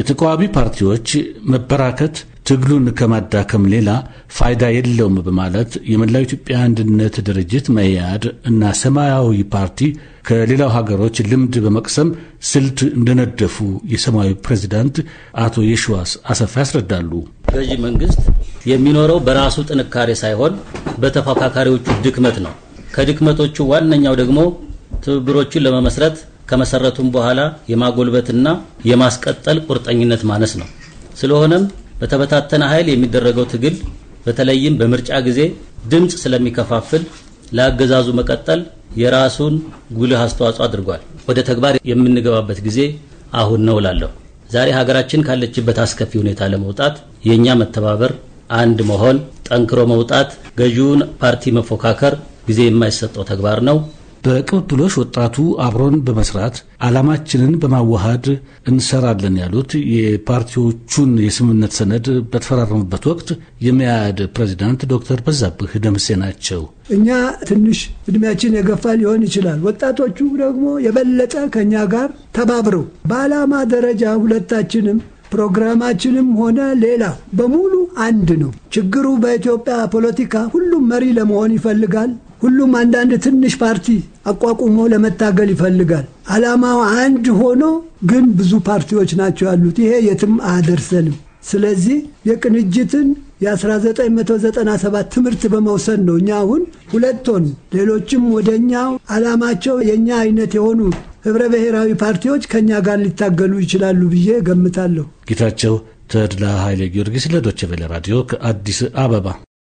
የተቃዋሚ ፓርቲዎች መበራከት ትግሉን ከማዳከም ሌላ ፋይዳ የለውም በማለት የመላው ኢትዮጵያ አንድነት ድርጅት መያድ እና ሰማያዊ ፓርቲ ከሌላው ሀገሮች ልምድ በመቅሰም ስልት እንደነደፉ የሰማያዊ ፕሬዚዳንት አቶ የሽዋስ አሰፋ ያስረዳሉ። ገዢ መንግስት የሚኖረው በራሱ ጥንካሬ ሳይሆን በተፎካካሪዎቹ ድክመት ነው። ከድክመቶቹ ዋነኛው ደግሞ ትብብሮቹን ለመመስረት ከመሰረቱም በኋላ የማጎልበትና የማስቀጠል ቁርጠኝነት ማነስ ነው። ስለሆነም በተበታተነ ኃይል የሚደረገው ትግል በተለይም በምርጫ ጊዜ ድምፅ ስለሚከፋፍል ለአገዛዙ መቀጠል የራሱን ጉልህ አስተዋጽኦ አድርጓል። ወደ ተግባር የምንገባበት ጊዜ አሁን ነው እላለሁ። ዛሬ ሀገራችን ካለችበት አስከፊ ሁኔታ ለመውጣት የእኛ መተባበር፣ አንድ መሆን፣ ጠንክሮ መውጣት፣ ገዢውን ፓርቲ መፎካከር ጊዜ የማይሰጠው ተግባር ነው። በቅብብሎሽ ወጣቱ አብሮን በመስራት ዓላማችንን በማዋሃድ እንሰራለን ያሉት የፓርቲዎቹን የስምምነት ሰነድ በተፈራረሙበት ወቅት የመያድ ፕሬዚዳንት ዶክተር በዛብህ ደምሴ ናቸው። እኛ ትንሽ እድሜያችን የገፋ ሊሆን ይችላል። ወጣቶቹ ደግሞ የበለጠ ከእኛ ጋር ተባብረው በዓላማ ደረጃ ሁለታችንም ፕሮግራማችንም ሆነ ሌላ በሙሉ አንድ ነው። ችግሩ በኢትዮጵያ ፖለቲካ ሁሉም መሪ ለመሆን ይፈልጋል። ሁሉም አንዳንድ ትንሽ ፓርቲ አቋቁሞ ለመታገል ይፈልጋል። ዓላማው አንድ ሆኖ ግን ብዙ ፓርቲዎች ናቸው ያሉት። ይሄ የትም አያደርሰንም። ስለዚህ የቅንጅትን የ1997 ትምህርት በመውሰድ ነው እኛ አሁን ሁለት ሆን ሌሎችም ወደ እኛው ዓላማቸው የእኛ አይነት የሆኑ ህብረ ብሔራዊ ፓርቲዎች ከእኛ ጋር ሊታገሉ ይችላሉ ብዬ ገምታለሁ። ጌታቸው ተድላ ኃይለ ጊዮርጊስ ለዶቼ ቬለ ራዲዮ ከአዲስ አበባ